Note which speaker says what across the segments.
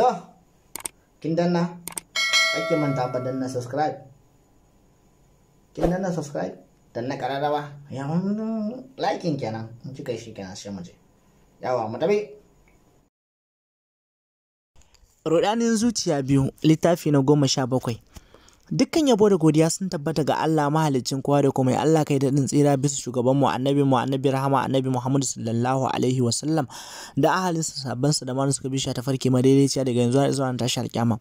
Speaker 1: to kin danna ake manta ba danna subscribe kin danna subscribe danna kararrawa ya likin kenan in kika shi kenan sai mu je yawa mu tabi Rudanin zuciya biyu littafi na goma sha bakwai Dukkan yabo da godiya sun tabbata ga Allah mahaliccin kowa da kuma Allah kai daɗin tsira bisa shugaban mu annabi mu annabi rahama annabi Muhammadu sallallahu alaihi wa sallam da ahalin sa sabban sa da ma suka bisha ta farke madaidaiciya daga yanzu har zuwa tashar kyama.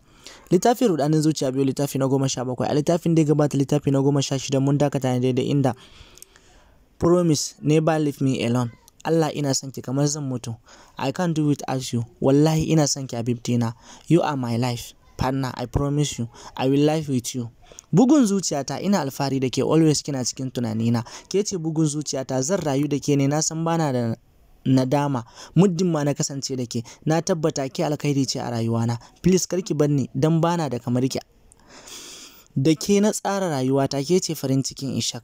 Speaker 1: Littafin rudanin zuciya biyu littafi na goma sha bakwai a littafin da gabata littafi na goma sha shida mun dakata ne daidai inda Promise never leave me alone Allah ina son ki kamar zan mutu I can't do it, as you wallahi ina son ki a bibdina you are my life partner I promise you I will live with you bugun zuciyata ina alfahari da ke always kina cikin tunanina ke ce bugun zuciyata zan rayu da ke ne na san bana da nadama muddin ma na kasance da ke na tabbata ke alkhairi ce a rayuwana please karki ni dan bana da kamar ki da ke na tsara rayuwata ke ce farin cikin ishak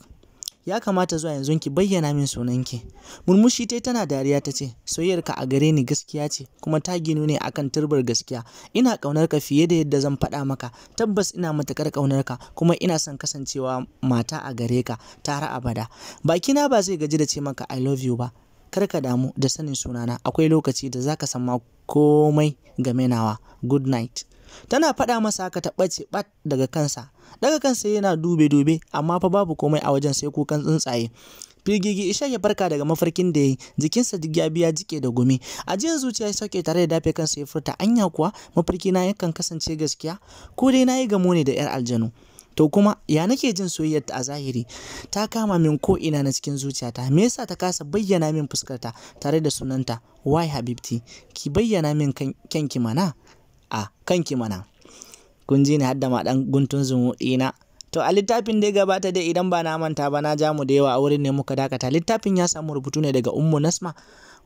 Speaker 1: ya kamata zuwa yanzu ki bayyana min sunan ki. murmushi tai tana dariya ta ce soyayyarka a gare ni gaskiya ce kuma ta ginu ne akan turbar gaskiya ina kaunar ka fiye da yadda zan faɗa maka tabbas ina matakar kaunar ka kuma ina son kasancewa mata a gare ka tare abada bakina ba zai gaji da ce maka i love you ba kar ka damu da sanin sunana akwai lokaci da zaka san ma komai game nawa good night tana faɗa masa haka ta ɓace ɓat daga kansa daga kansa yana dube dube amma fa babu komai a wajen sai kukan tsuntsaye firgigi isha ya farka daga mafarkin da ya yi jikinsa duk ya biya jike da gumi ajiyar zuciya ya sauke tare da dafe kansa ya furta anya kuwa mafarki na yakan kasance gaskiya ko dai na yi gamo ne da yar aljanu to kuma ya nake jin soyayyarta a zahiri ta kama min ko ina na cikin zuciyata me yasa ta kasa bayyana min fuskarta tare da sunanta why habibti ki bayyana min kanki mana a kanki mana kun ji ni hadda ma dan guntun zumu na to a littafin da ya gabata dai idan ba na manta ba na ja mu da yawa a wurin ne muka dakata littafin ya samu rubutu ne daga ummu nasma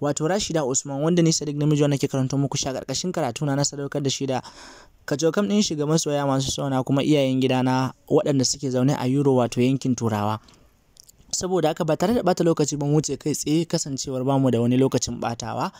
Speaker 1: wato rashida usman wanda ni sadiq namiji wanda ke karanta muku shi a karkashin karatu na sadaukar da shi da kacokam din shiga masoya masu sauna kuma iyayen gida na waɗanda suke zaune a yuro, wato yankin turawa saboda haka ba tare da bata lokaci mu wuce kai tsaye kasancewar bamu da wani lokacin batawa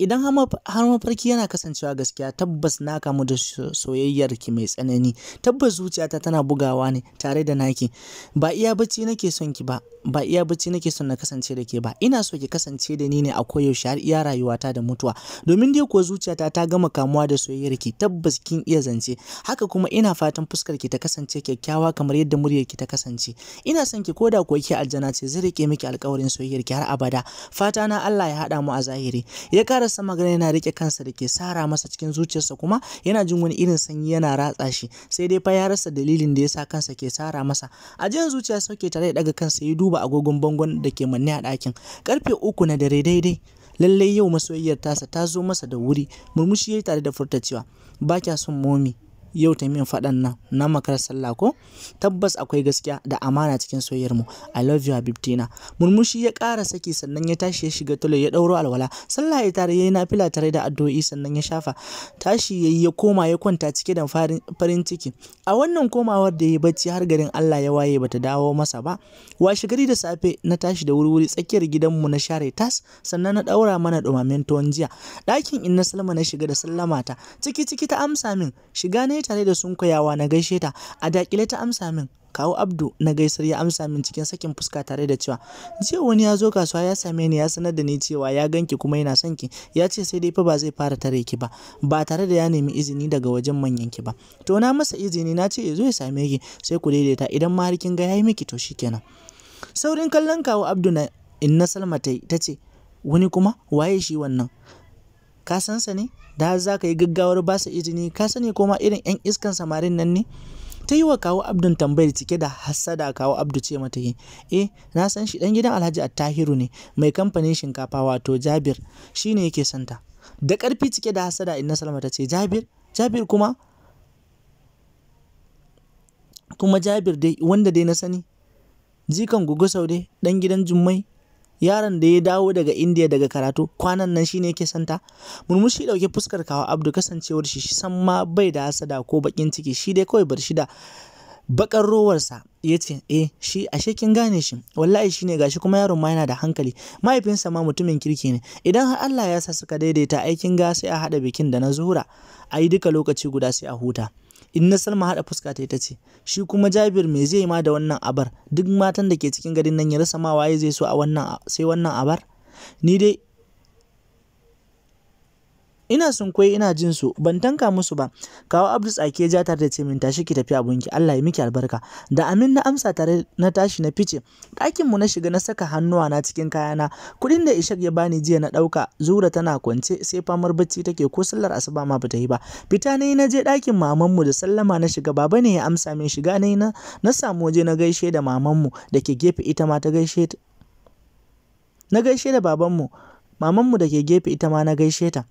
Speaker 1: idan har mafarki yana kasancewa gaskiya tabbas na kamu da soyayyar ki mai tsanani tabbas zuciyata tana bugawa ne tare da naki ba iya bacci nake son ki ba ba iya bacci nake son na kasance da ke ba ina so ki kasance da ni ne a koyaushe har iya rayuwata da mutuwa domin dai kuwa zuciyata ta gama kamuwa da soyayyar ki tabbas kin iya zance haka kuma ina fatan fuskar ki ta kasance kyakkyawa kamar yadda muryar ki ta kasance ina son ki koda kuwa ki aljana ce zai rike miki alƙawarin soyayyar ki har abada fata na Allah ya hada mu a zahiri ya karasa magana yana rike kansa da ke sara masa cikin zuciyarsa kuma yana jin wani irin sanyi yana ratsa shi sai dai fa ya rasa dalilin da ya sa kansa ke sara masa a jin zuciya sauke tare da daga kansa ya duba duba agogon bangon da ke manne a ɗakin karfe uku na dare daidai lallai yau masoyiyar tasa ta zo masa da wuri murmushi ya yi tare da furta cewa ba kya son momi yau ta min faɗan nan na makar sallah ko tabbas akwai gaskiya da amana cikin soyayyar mu i love you habibtina murmushi ya ƙara saki sannan ya tashi ya shiga tulo ya ɗauro alwala sallah ya tare yayi nafila tare da addu'o'i sannan ya shafa tashi yayi ya koma ya kwanta cike da farin ciki a wannan komawar da ya bacci har garin Allah ya waye bata dawo masa ba washe gari da safe na tashi da wuri-wuri tsakiyar gidanmu na share tas sannan na daura mana dumamen tuwon jiya ɗakin inna salma na shiga da sallama ta ciki ciki ta amsa min shiga ne yi tare da sunkuyawa na gaishe ta a dakile ta amsa min kawo abdu na gaisar ya amsa min cikin sakin fuska tare da cewa jiya wani ya zo kasuwa ya same ni ya sanar da ni cewa ya ganki kuma yana son ki ya ce sai dai fa ba zai fara tare ki ba ba tare da ya nemi izini daga wajen manyan ki ba to na masa izini na ce ya zo ya same ki sai ku daidaita idan ma har kin ga yayi miki to shikenan saurin kallon kawo abdu na inna salma ta ce wani kuma waye shi wannan ka san sa ne da har za ka yi gaggawar ba su izini ka sani ko ma irin 'yan iskan samarin nan ne ta yi wa kawo abdun tambayar cike da hassada kawo abdu ce mata yi eh na san shi dan gidan alhaji attahiru ne mai kamfanin shinkafa wato jabir Shi ne yake santa da ƙarfi cike da hassada inna salma ta ce jabir jabir kuma kuma jabir dai wanda dai na sani jikan gugu sau dai dan gidan jummai yaron da ya dawo daga indiya daga karatu kwanan nan shine yake santa murmushi dauke fuskar kawa abdu kasancewar shi shi san ma bai da hasada ko bakin ciki shi dai kawai bar shi da bakar rowarsa ya ce eh shi ashe kin gane shi wallahi ne, gashi kuma yaron ma yana da hankali mahaifinsa ma mutumin kirki ne idan har Allah ya sa suka daidaita aikin ga sai a hada bikin da na zuhura a yi duka lokaci guda sai a huta inna salma haɗa fuska ta ita ce shi kuma jabir me zai ma da wannan abar duk matan da ke cikin garin nan ya rasa ma waye zai so a wannan sai wannan abar ni dai ina sunkuye ina jin su ban tanka musu ba kawo abdus tsake ja tare da ce min tashi ki tafi abunki Allah ya miki albarka da amin na amsa tare na tashi na fice ɗakin mu na shiga na saka hannuwa na cikin kayana kuɗin da ishak ya bani jiya na ɗauka zura tana kwance sai famar bacci take ko sallar asuba ma bata yi ba fita ne na je ɗakin maman mu da sallama na shiga baba ne ya amsa min shiga ne na na samu waje na gaishe da maman mu da ke gefe ita ma ta gaishe na gaishe da babanmu mamanmu da ke gefe ita ma na gaishe ta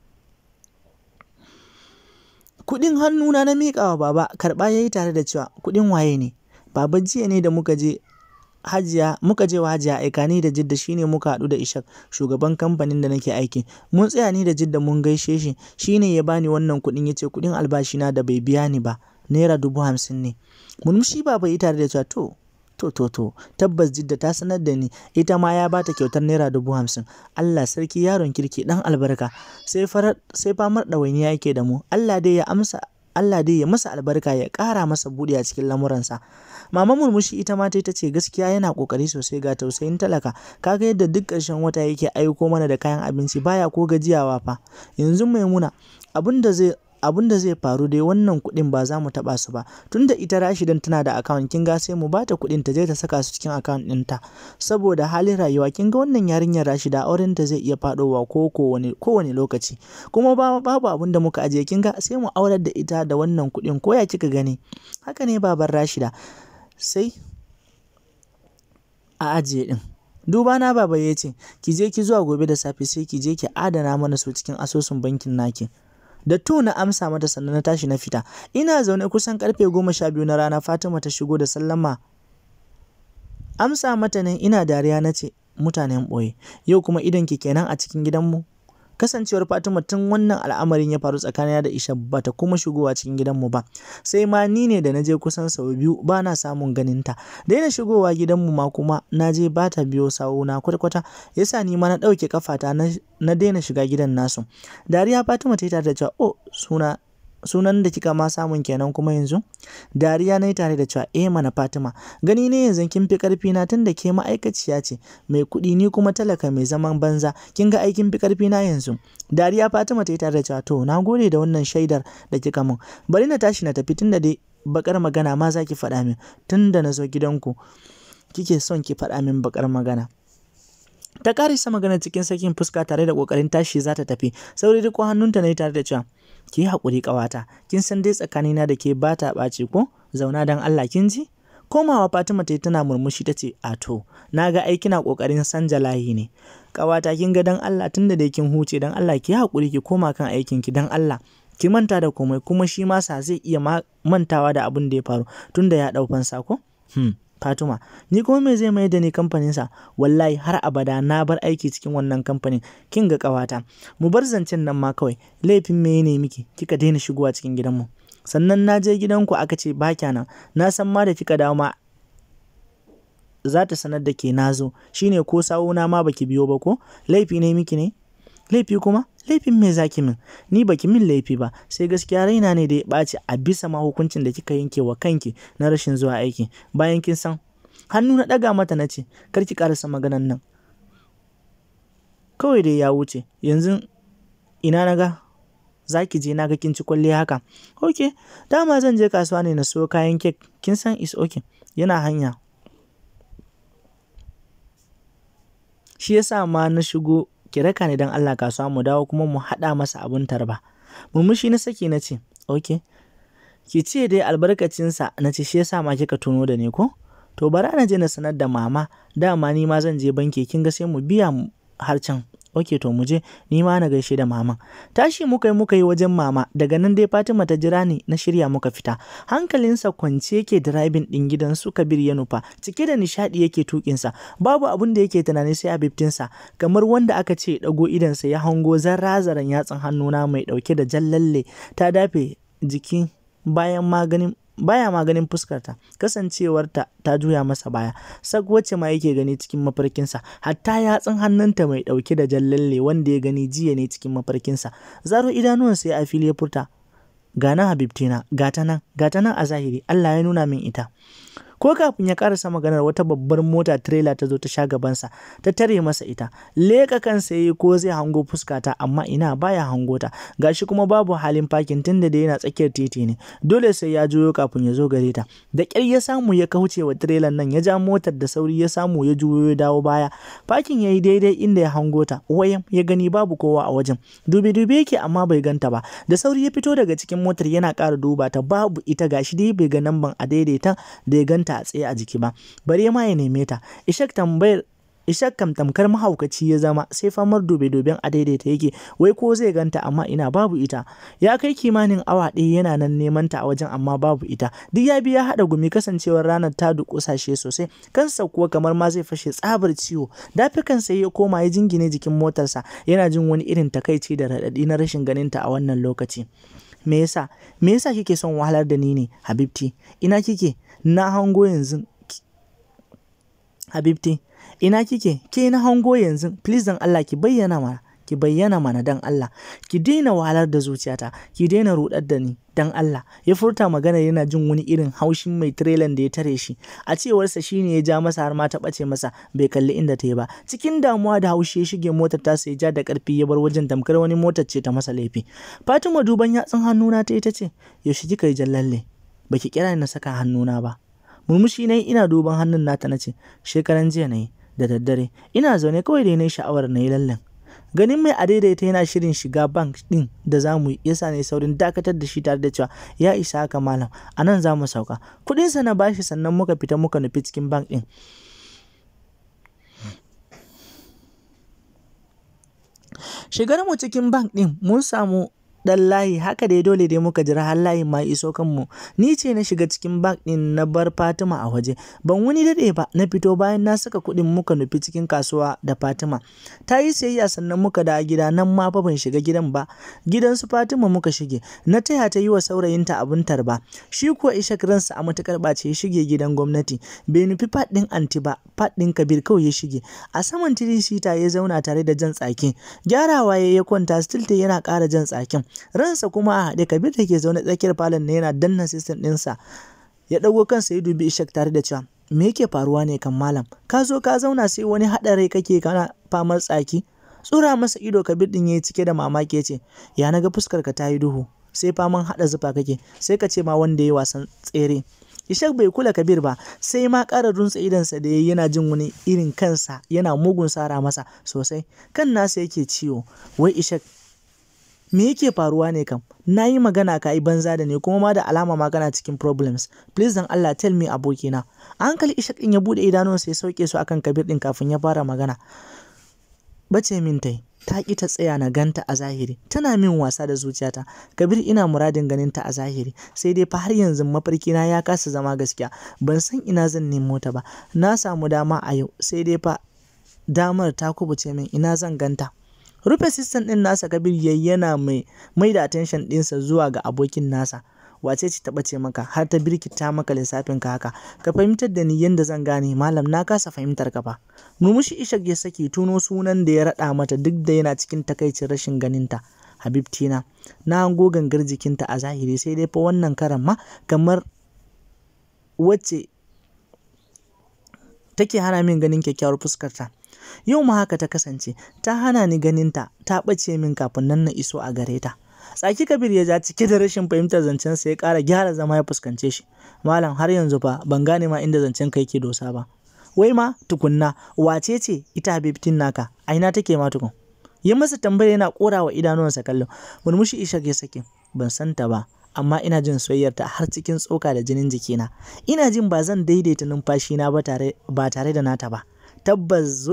Speaker 1: kuɗin hannuna na miƙa wa baba karɓa ya yi tare da cewa kuɗin waye ne baba jiya ne da muka je hajiya muka je wa hajiya aika ni da jidda shine muka haɗu da ishak shugaban kamfanin da nake aiki mun tsaya ni da jidda mun gaishe shi shine ya bani wannan kuɗin ya ce kuɗin albashina da bai biya ni ba naira dubu hamsin ne murmushi baba yi tare da cewa to to to to tabbas jidda ta sanar da ni ita ma ya bata kyautar naira dubu hamsin allah sarki yaron kirki dan albarka sai famar ɗawainiya yake da mu allah dai ya amsa Allah dai ya masa albarka ya ƙara masa buɗe a cikin lamuransa. Mama murmushi ita ma ta ce gaskiya yana ƙoƙari sosai ga tausayin talaka. Ka ga yadda duk ƙarshen wata yake aiko mana da kayan abinci baya ko gajiyawa fa. Yanzu Maimuna abin da zai abin da zai faru dai wannan kuɗin ba za mu taɓa su ba tunda ita rashidan tana da account kin ga sai mu bata kuɗin ta je ta saka su cikin account ta. saboda halin rayuwa kin ga wannan yarinyar rashida auren ta zai iya faɗowa ko kowane lokaci kuma babu abin da muka ajiye kin ga sai mu aurar da ita da wannan kuɗin ko ya kika gani haka ne baban rashida sai a ajiye ɗin duba na baba ya ce ki je ki zuwa gobe da safe sai ki je ki adana mana su cikin asusun bankin naki da to na amsa mata sannan na tashi na fita ina zaune kusan karfe goma sha biyu na rana fatima ta shigo da sallama amsa mata nan ina dariya na ce mutanen ɓoye yau kuma idon ki kenan a cikin gidanmu kasancewar Fatima tun wannan al'amarin ya faru tsakanina da Isha ta kuma shigowa cikin gidanmu ba sai ma ni ne da naje kusan sau biyu na samun ganinta daina shigowa gidanmu ma kuma naje ta biyo na kwatkwata yasa ni ma na ɗauke kafata na daina shiga gidan nasu dariya Fatima ta yi tare da cewa oh suna sunan da kika ma samun kenan kuma yanzu dariya na yi tare da cewa eh mana fatima gani ne yanzu kin fi karfi na tun da ke ma'aikaciya ce mai kuɗi ni kuma talaka mai zaman banza kin ga aikin fi karfi na yanzu dariya fatima ta yi tare da cewa to na gode da wannan shaidar da kika min bari na tashi na tafi tun da dai bakar magana ma za ki faɗa min tun da na zo gidanku kike son ki faɗa min bakar magana ta karisa magana cikin sakin fuska tare da kokarin tashi za ta tafi sauri duk hannunta na yi tare da cewa ki haƙuri ƙawata kin san dai tsakanina da ke ba ta ɓaci ko zauna dan Allah kin ji komawa Fatima ta yi tana murmushi ta ce a to na ga ai kina ƙoƙarin sanja layi ne ƙawata kin ga dan Allah tunda dai kin huce dan Allah ki haƙuri ki koma kan aikin ki don Allah ki manta da komai kuma shi ma sa zai iya mantawa da abin da ya faru tunda ya ɗau fansa ko hmm. fatima. ni kuma me zai mai da ni kamfaninsa wallahi har abada na bar aiki cikin wannan kamfanin kin ga kawata mu bar zancen nan ma kawai laifin me ne miki kika daina shigowa cikin gidanmu sannan na je gidanku aka ce ba nan na san ma da kika dawo ma za ta sanar da ke nazo shine ko sawo na ma baki biyo ba ko laifi ne miki ne laifi kuma laifin me zaki min ni baki min laifi ba sai gaskiya raina ne da ya ɓaci a bisa ma hukuncin da kika yanke wa kanki na rashin zuwa aiki bayan kin san hannu na ɗaga mata na ce kar ki ƙarasa maganan nan kawai dai ya wuce yanzu ina naga? ga za ki je na ga kin ci kwalle haka ok dama zan je kasuwa ne na siyo kayan kek kin san is ok yana hanya shi yasa ma na shigo ki raka ni don Allah kasuwa mu dawo kuma mu haɗa masa abun tarba murmushi na saki na ce ok ki ce dai albarkacinsa na ce shi yasa ma kika tuno da ni ko to bara na je na sanar da mama dama ni ma zan je banki kin ga sai mu biya har can ok to muje je ni ma na gaishe da mama tashi muka yi muka yi wajen mama daga nan dai fatima ta jira ni na shirya muka fita hankalinsa kwance yake driving ɗin gidan su kabir ya nufa cike da nishadi yake tukinsa babu abin da yake tunani sai a biftinsa. kamar wanda aka ce dago idansa ya hango zarra-zaran yatsan hannuna mai dauke da jallalle ta dafe jikin bayan maganin baya ma ganin fuskarta kasancewarta ta juya masa baya sak wacce ma yake gani cikin mafarkinsa hatta yatsun hannunta mai ɗauke da jallalle wanda ya gani jiya ne cikin mafarkinsa zaro idanuwan sai a fili ya furta ga nan habibtina ga nan ga ta nan a zahiri Allah ya nuna min ita ko kafin ya karasa maganar wata babbar mota trailer ta zo ta sha gabansa ta tare masa ita leka kansa yayi ko zai hango fuskata amma ina baya hango ta gashi kuma babu halin fakin tunda da yana tsakiyar titi ne dole sai ya juyo kafin ya zo gare ta da kyar ya samu ya kauce wa trailer nan ya ja motar da sauri ya samu ya juyo ya dawo baya fakin yayi daidai inda ya hango ta wayan ya gani babu kowa a wajen dubi dubi yake amma bai ganta ba da sauri ya fito daga cikin motar yana ƙara duba ta babu ita gashi dai bai ga namban a daidaita da ya ganta ta a tsaye a jiki ba bare ma ya neme ta ishak tambayar Ishak kam tamkar mahaukaci ya zama sai famar dobe-doben a daidaita yake wai ko zai ganta amma ina babu ita ya kai kimanin awa ɗaya yana nan neman ta a wajen amma babu ita duk ya bi ya haɗa gumi kasancewar ranar ta duk kusashe sosai kansa kuwa kamar ma zai fashe tsabar ciwo dafikan sai ya koma ya jingine jikin motarsa yana jin wani irin takaici da raɗaɗi na rashin ganinta a wannan lokaci me yasa me yasa kike son wahalar da ni ne habibti ina kike na hango yanzu habibti ina kike ke na hango yanzu please dan Allah ki bayyana mana ki bayyana mana dan Allah ki daina walar da zuciyata ki daina rudar da ni dan Allah ya furta magana yana jin wani irin haushin mai trailer da ya tare shi a cewarsa shine ya ja masa har ma ta bace masa bai kalli inda ta yi ba cikin damuwa da haushi ya shige motar ta sai ja da karfi ya bar wajen tamkar wani motar ce ta masa laifi Fatima duban yatsun hannuna ta ita ce yaushe kika yi jallalle baki kira ni na saka hannuna ba murmushi nayi ina duban hannun nata nace shekaran jiya nayi da daddare ina zaune kawai da nayi sha'awar na yi lallen ganin mai adaidaita yana shirin shiga bank din da za mu ya sa ne saurin dakatar da shi tare da cewa ya isa haka malam a nan za mu sauka kuɗinsa na bashi sannan muka fita muka nufi cikin bank din shigar mu cikin bank din mun samu dan layi haka dai dole dai muka jira har layin ma iso kanmu ni ce na shiga cikin bank din na bar Fatima a waje ban wani dade ba na fito bayan na saka kuɗin muka nufi cikin kasuwa da Fatima ta yi sayayya sannan muka da gida nan ma fa ban shiga gidan ba gidan su Fatima muka shige na taya ta yi wa saurayinta abun tarba shi kuwa Ishak ransa a matukar ɓace ya shige gidan gwamnati bai nufi faɗin anti ba faɗin Kabir kawai ya shige a saman tirin ta ya zauna tare da jan tsaki gyarawa ya kwanta still yana ƙara jan tsakin ransa kuma a haɗe kabir da ke zaune tsakiyar falon ne yana danna sistem ɗinsa ya ɗago kansa ya dubi ishak tare da cewa me yake faruwa ne kan malam ka zo ka zauna sai wani haɗarai kake kana famar tsaki tsura masa ido kabir ɗin ya yi cike da mamaki ya ce ya na ga ka ta yi duhu sai faman haɗa zufa kake sai ka ce ma wanda ya yi wasan tsere Ishak bai kula Kabir ba sai ma ƙara runtse sa da ya yana jin wani irin kansa yana mugun sara masa sosai kan nasa yake ciwo wai Ishak me yake faruwa ne kam na yi magana ka yi banza da ne kuma ma da alama magana cikin problems please dan Allah tell me abokina hankali ishak din ya bude idanunsa ya sauke su akan kabir din kafin ya fara magana bace min tai ta ki ta tsaya na ganta a zahiri tana min wasa da zuciyata kabir ina muradin ganin ta a zahiri sai dai fa har yanzu mafarki na ya kasa zama gaskiya ban san ina zan nemo ta ba na samu dama a yau sai dai fa damar ta kubuce min ina zan ganta Rufe sistan ɗin nasa Kabir yayi yana mai mai da attention ɗinsa zuwa ga abokin nasa. Wace ce ta bace maka har ta birkita maka lissafin ka haka, ka fahimtar da ni yanda zan gane malam na kasa fahimtar ka ba. Murmushi Ishak ya saki tuno sunan da ya raɗa mata duk da yana cikin takaicin rashin ganinta. Habibtina, na hango gangar jikinta a zahiri sai dai fa wannan karan ma kamar wacce take hana min ganin kyakkyawar fuskarta yau ma haka ta kasance ta hana ni ganinta ta ɓace min kafin nan na iso a gare ta tsaki kabir ya ja cike da rashin fahimtar zancen sa ya ƙara gyara zama ya fuskance shi malam har yanzu fa ban gane ma inda zancen kai ke dosa ba wai ma tukunna wace ce ita habibtin naka a ina take ma tukun yi masa tambaya yana kora wa idanuwansa kallon murmushi ishak ya sake ban santa ba amma ina jin soyayyarta har cikin tsoka da jinin jikina ina jin ba zan daidaita numfashina ba tare da nata ba tabbas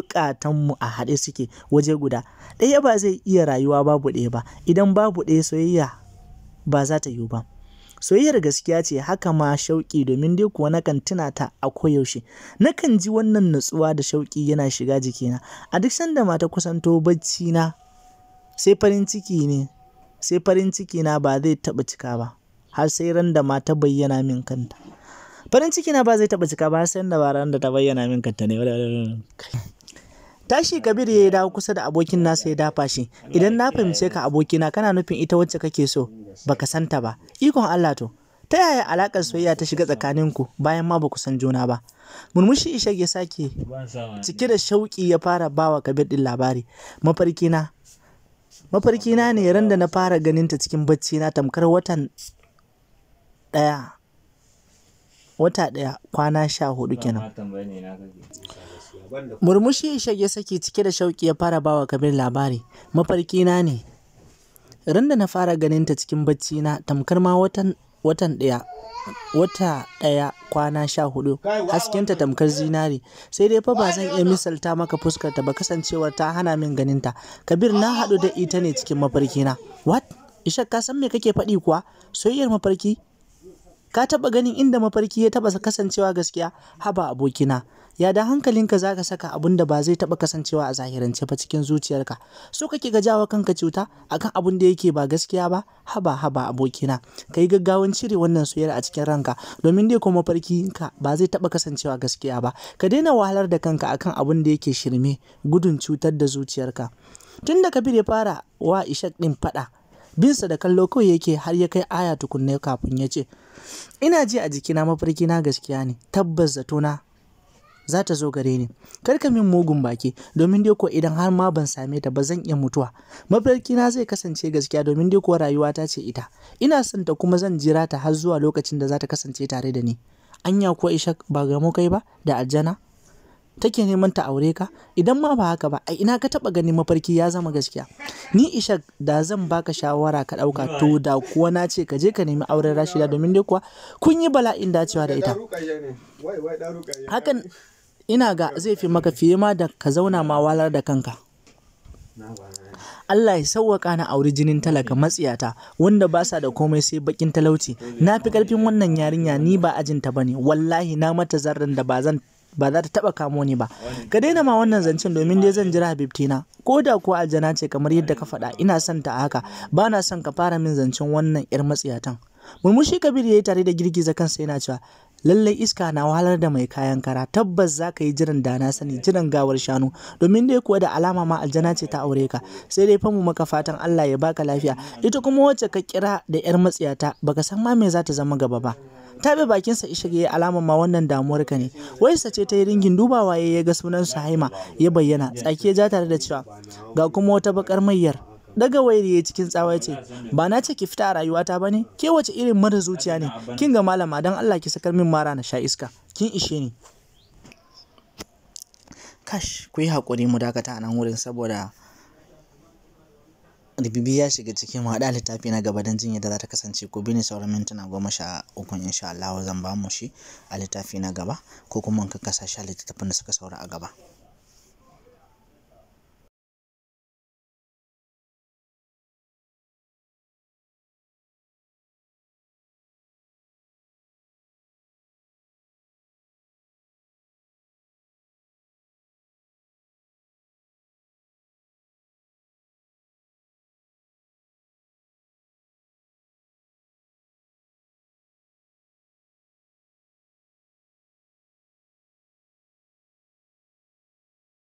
Speaker 1: mu a haɗe suke waje guda ɗaya ba zai iya rayuwa babu ɗaya ba idan babu ɗaya soyayya ba za ta yiwu ba soyayyar gaskiya ce haka ma shauƙi domin dai kuwa nakan tuna ta a koyaushe nakan ji wannan natsuwa da shauƙi yana shiga jikina a duk sanda mata kusanto bacci na sai farin ciki ne sai farin ciki na ba zai taɓa cika ba har sai ran da mata bayyana min kanta farin ciki na ba zai taɓa cika ba sai da baran da ta bayyana min kanta ne tashi kabir ya dawo kusa da abokin nasa ya dafa shi idan na fahimce ka abokina kana nufin ita wacce kake so baka santa ba ikon Allah to ta yaya alakar soyayya ta shiga tsakaninku bayan ma ba kusan san juna ba murmushi isha ya sake cike da shauki ya fara bawa kabir din labari mafarkina mafarkina ne ran da na fara ganin ta cikin bacci na tamkar watan daya wata ɗaya kwana sha hudu kenan murmushi shage saki cike da shauki ya fara bawa kabir labari mafarki na ne randa na fara ganin ta cikin bacci na tamkar ma watan watan ɗaya wata ɗaya kwana sha hudu haskenta tamkar zinari sai dai fa ba zan iya misalta maka fuskarta ba kasancewar ta hana min ganinta kabir na haɗu da ita ne cikin mafarki na what ishak ka san me kake faɗi kuwa soyayyar mafarki ka taɓa ganin inda mafarki ya taɓa kasancewa gaskiya haba abokina ya da hankalinka zaka saka abun da ba zai taɓa kasancewa a zahirance ba cikin zuciyarka so kake gajawa kanka cuta akan abun da yake ba gaskiya ba haba haba abokina ka yi gaggawan cire wannan soyayya a cikin ranka domin dai kuma ka ba zai taɓa kasancewa gaskiya ba ka daina wahalar da kanka akan abun da yake shirme gudun cutar da zuciyarka tun da kabir ya fara wa ishak din faɗa binsa da kallo kawai yake har ya kai aya tukunna kafin ya ce ina ji a jikina mafarki na gaskiya ne tabbas zato za ta zo gare ni kar ka min mugun baki domin dai ko idan har ma ban same ta ba zan iya mutuwa mafarki na zai kasance gaskiya domin dai kuwa rayuwa ta ce ita ina son ta kuma zan jira ta har zuwa lokacin da za ta kasance tare da ni anya ko ishak ba gamo kai ba da aljana take neman ta aure ka idan ma ba haka ba a ina ka taba ganin mafarki ya zama gaskiya ni isha da zan baka shawara ka dauka to da kuwa na ce ka je ka nemi auren rashida domin dai kuwa kun yi bala'in dacewa da ita hakan ina ga zai fi maka fiye ma da ka zauna ma walar da kanka Allah ya sauwaka na auri jinin talaka matsiyata wanda ba sa da komai sai bakin talauci na fi karfin wannan yarinya ni ba ajinta bane wallahi na mata zarran da ba zan ba za ta taɓa kamo ni ba ka daina ma wannan zancen domin dai zan jira habibtina ko da kuwa aljana ce kamar yadda ka faɗa ina son ta haka ba na son ka fara min zancen wannan 'yar matsiyatan murmushi Kabiru ya yi tare da girgiza kansa yana cewa lallai iska na wahalar da mai kayan kara tabbas za ka yi jiran da na sani jiran gawar shanu domin dai kuwa da alama ma aljana ce ta aure ka sai dai famu maka fatan Allah ya baka lafiya ita kuma wacce ka kira da yar matsiyata baka san ma me za ta zama gaba ba Ta bi bakinsa ishe ya alamar ma wannan damuwar ka ne wayarsa ce ta yi ringin dubawa ya ga sunan Haima ya bayyana tsaki ya ja tare da cewa ga kuma wata bakar mayyar daga wayar ya cikin tsawa ya ce ba na ce ki fita a rayuwata ba ne ke wace irin mara zuciya ne kin ga malama don Allah ki sakar min mara na sha iska kin ishe ni kash ku yi haƙuri mu dakata a nan wurin saboda rubibi ya shiga cikin haɗa littafi na gaba don jin yadda za ta kasance ko bi ne sauran mintuna goma sha uku insha Allah zan ba mu shi a littafi na gaba ko kuma in ka kasa shi a littattafan da suka saura a gaba